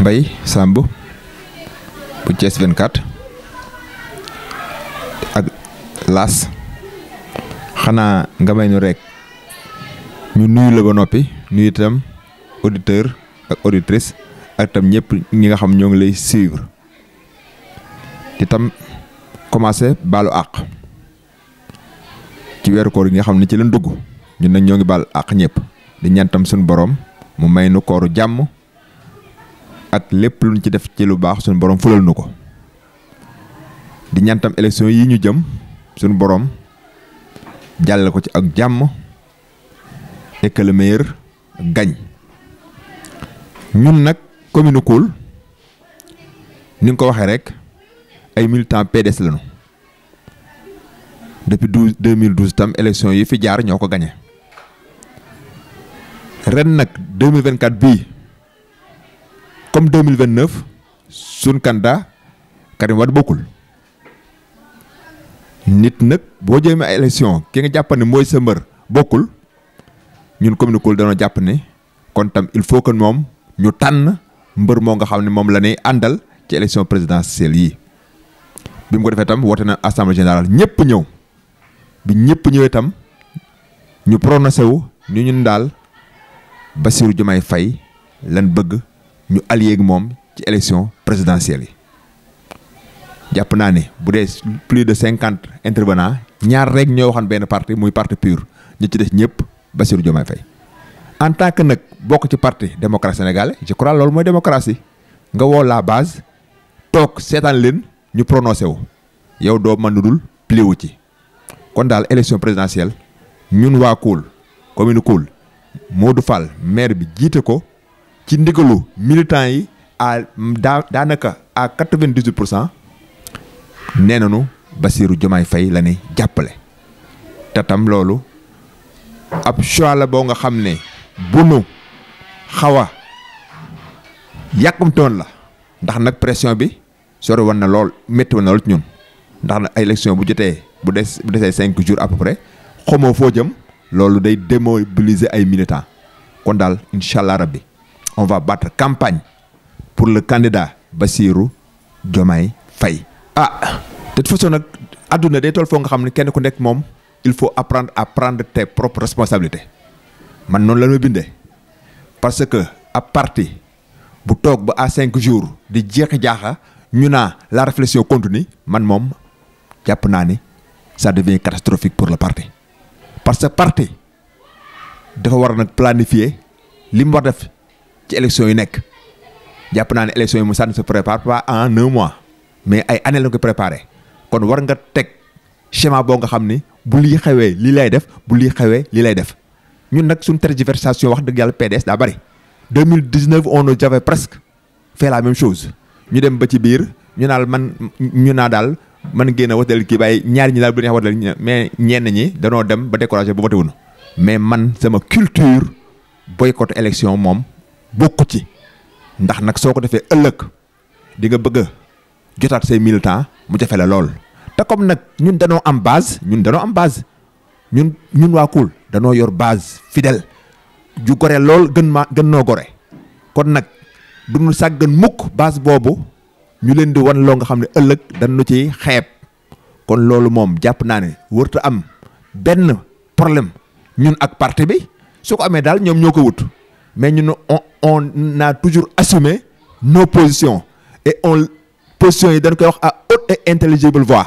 mbay Samb bu Thiès 24 ak Laas xanaa nga may nu rek ñu nuyu ba noppi nuyu itam auditeur ak auditrice ak tam ñëpp ñi nga xam ñoo ngi lay suivre di tam commencé baalu àq ci weeru koor yi nga xam ne ci lañ dugg ñun nag ñoo ngi baal àq ñëpp di ñaan tam boroom mu may nu kooru jàmm ak lépp luñ ci def ci lu baax suñu borom fulal nu ko di ñantam élection yi ñu jëm suñu boroom jàll ko ci ak jàmm et que le meilleur ñun nag commune Koul ni ko waxee rek ay militants PDS lañu depuis douze deux mille douze tam élection yi fi jaar ñoo ko gagné ren nag deux mille vingt quatre bii. comme 2029 suñ candidat Karim Wade bokkul nit nag boo jëmee ay élection ki nga jàpp ne mooy sa mbër bokkul ñun commune Koul jàpp ne kon tam il faut que moom ñu tànn mbër moo nga xam ne moom la àndal ci présidence présidentielle yi bi mu ko defee tam woote na assemblée général ñëpp ñëw bi ñëpp ñëwee tam ñu prononcé wu ñu ñun daal Bassirou Diomaye fay lan bëgg ñu allié ak moom ci élection présidentielle yi jàpp naa ni bu dee plus de cinquante intervenants ñaar rek ñoo waxoon benn parti muy parti pur ñu ci des ñëpp Bassirou Diomaye fay en tant que nag bokk ci parti démocratie sénégalais je crois loolu mooy démocratie nga woo la base toog seetaan leen ñu prononcé wu yow doo mën dul plié wu ci kon daal élection présidentielle ñun waa Koul commune Koul Modou Fall maire bi jiite ko. ci ndigalu militants yi à daa daanaka à quatre-vingt-dix-huit pour cent nee nañu Bassirou Diomaye Faye la ni jàppale te tam loolu ab choix boo nga xam ne bu nu xaw a yàkkamtoon la ndax nag pression bi sori woon na lool métti woon na lool ci ñun ndax nag ay bu jotee bu des bu desee cinq jours à peu près foo jëm loolu day démobiliser ay militants kon daal incha allah rabbi on va campagne pour le ba Bassirou Diomaye fay ah de toute façon nag àdduna day toll foo nga xam ne kenn ku nekk moom il faut apprendre à prendre tes propres responsabilités man noonu la ma bindee parce que ab parti bu toog ba à cinq jours di jeexi jaaxa ñu naa la réflexion continue man moom jàpp naa ni ça devient catastrophique pour le parti parce que parti dafa war a planifier li war def ci élection yu nekk jàpp naa ne élection yi mu sànni se prépare pas en un mois mais ay année la ko préparé kon war nga teg schéma boo nga xam ni bu lii xewee lii lay def bu lii xewee lii lay def ñun nag suñ tergiversation wax dëgg yàlla PDS daa bëri 2019 on nous avait presque fait la même chose ñu dem ba ci biir ñu naal man ñu naa daal man génn wateel kii bàyyi ñaari ñi daal bu neex wateel mais ñenn ñi danoo dem ba découragé ba voté wuñu mais man sama culture boycott élection moom bokku ci ndax nag soo ko defee ëllëg di nga bëgg a jotaat say militant mu jafe la lool te comme nag ñun danoo am base ñun danoo am base ñun ñun waa Koul danoo yor base fidel ju gore lool gën ma gën noo gore kon nag du ñu sàggan mukk base boobu ñu leen di wan loo nga xam ne ëllëg dañu ci xeeb kon loolu moom jàpp naa ne wërta am benn problème ñun ak parti bi soo ko amee daal ñoom ñoo ko wut mais ñu on on naa toujours assumé nos positions et on positions yi danu koy wax à haute et intelligible voix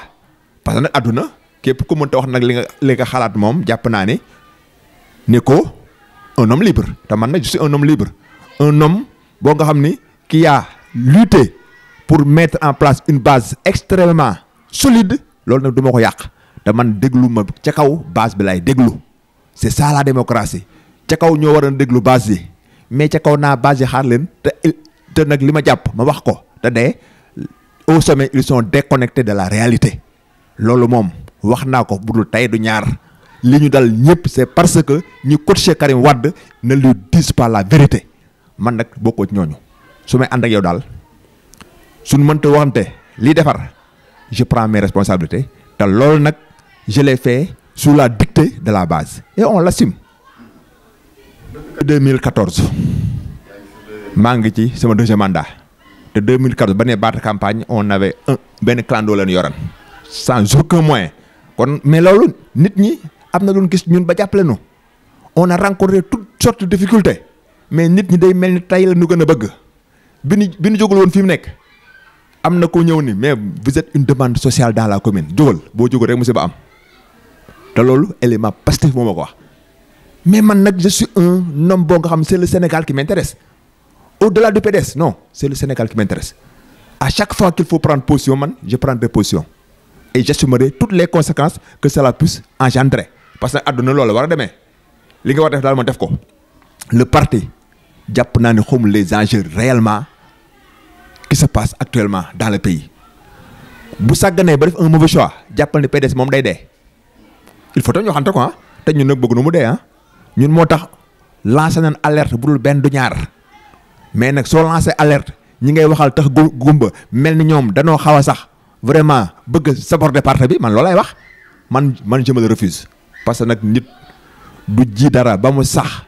parce que nag àdduna képp ku mënta wax nag li nga li xalaat moom jàpp naa ni ne ko un homme libre te man nag je un homme libre un homme boo nga xam ni qui a lutté pour mettre en place une base extrêmement solide loolu nag du ma ko yàq te man déglu ma ca kaw base bi laay déglu c'est ça la démocratie ca kaw ñoo war a déglu base yi mais ca kaw naa basé xaar leen te te nag li ma jàpp ma wax ko te ne au sommet ils sont déconnectés de la réalité loolu moom wax naa ko budul tey du ñaar li ñu dal ñëpp c'est parce que ñi coaché Karim Wade ne lui disent pas la vérité man nag bokkoo ci ñooñu su may ànd ak yow daal suñ mënta waxante lii defar je prends mes responsabilités te loolu nag je l'ai fait sous la dictée de la base et on l'assume 2014 maa ngi ci sama deuxième mandat te 2014 ba nee baata campagne on avait un benn clando leen yoran sans aucun moyen kon mais loolu nit ñi am na loon gis ñun ba jàppale nu on a rencontré tout sortes de mais nit ñi day mel ni tey la ñu gën a bëgg bi ni bi nu jógul woon fi mu nekk am na koo ñëw ni mais vous êtes une demande sociale dans la commune jógal boo jógal rek monsieur ba am te loolu élément Pastef moo ma ko wax. mais man nag je suis un boo nga xam c'est le Sénégal qui m'intéresse au-delà du PDS non c'est le Sénégal qui m'intéresse à chaque fois qu'il faut prendre position man je prends des positions et j'assumerai toutes les conséquences que cela puisse engendrer parce que àdduna loolu war a demee li nga war def daal ma def ko le partie jàpp naa ne xamul les enjeux réellement qui se passe actuellement dans le pays bu sàgganee ba def un mauvais choix jàppal ne PDS moom day dee il faut que ñu waxante ko ah te bëgg na mu dee ah. ñun moo tax lancé nañ alerte bu dul benn du ñaar mais nag soo lancé alerte ñi ngay waxal tax gumba mel ni ñoom danoo xaw a sax vraiment bëgg saborder parti bi man loolay wax man man je me le refuse parce que nag nit du jii dara ba mu sax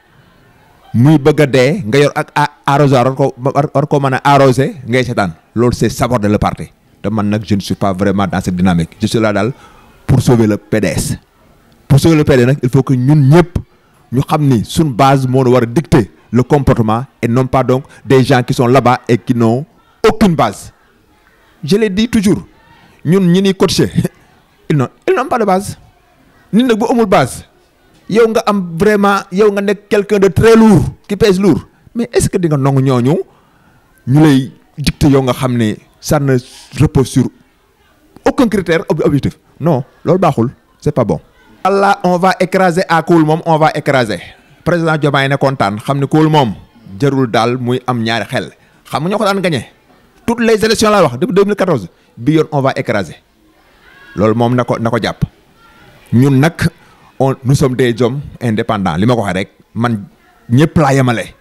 muy bëgg a dee nga yor ak arrosoir war ko war ko mën a arrosé ngay seetaan loolu c'est de la parti te man nag je ne suis pas vraiment dans cette dynamique je suis là daal pour sauver la PDS pour sauver le PDS nag ñun ñëpp ñu xam ni suñ base moo war a dicter le comportement et non pas donc des gens qui sont là-bas et qui n'ont aucune base je l'ai dit toujours ñun ñi ni coaché ils n'ont ils n'ont pas de base nit nag bu amul base yow nga am vraiment yow nga nekk quelqu'un de très lourd qui pèse lourd mais est-ce que di nga nangu ñooñu ñu lay dicter yow nga xam ni ça ne repose sur aucun critère objectif non loolu baaxul c'est pas bon allah on va écraser à Koul moom on va président Diomaye ne kontaan xam ne Koul moom jarul daal muy am ñaari xel xam nga ñoo ko daan gagné toutes les élections laa wax depuis 2014 bi yoon on va écraser loolu moom na ko na ko jàpp ñun nag on nous sommes des hommes indépendant li ma ko waxee rek man ñëpp laa yemale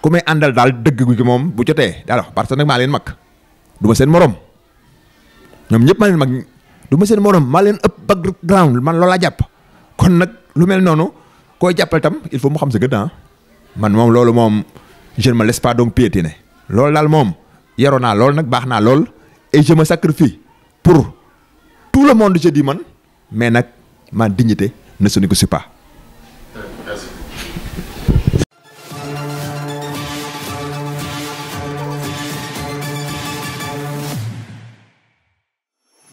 ku may àndal daal dëgg gi moom bu jotee alors parce que nag maa leen mag du seen morom ñoom ñëpp maa leen mag du ma seen morom maa leen ëpp background man loolaa jàpp. kon nag lu mel noonu koo jàppal tam il faut mu xam sa gëdd ah. man moom loolu moom je ne me laisse pas donc piétiner loolu daal moom yaroo naa lool nag baax naa lool et je me sacrifie pour tout le monde je dis man mais nag ma dignité ne se négocie pas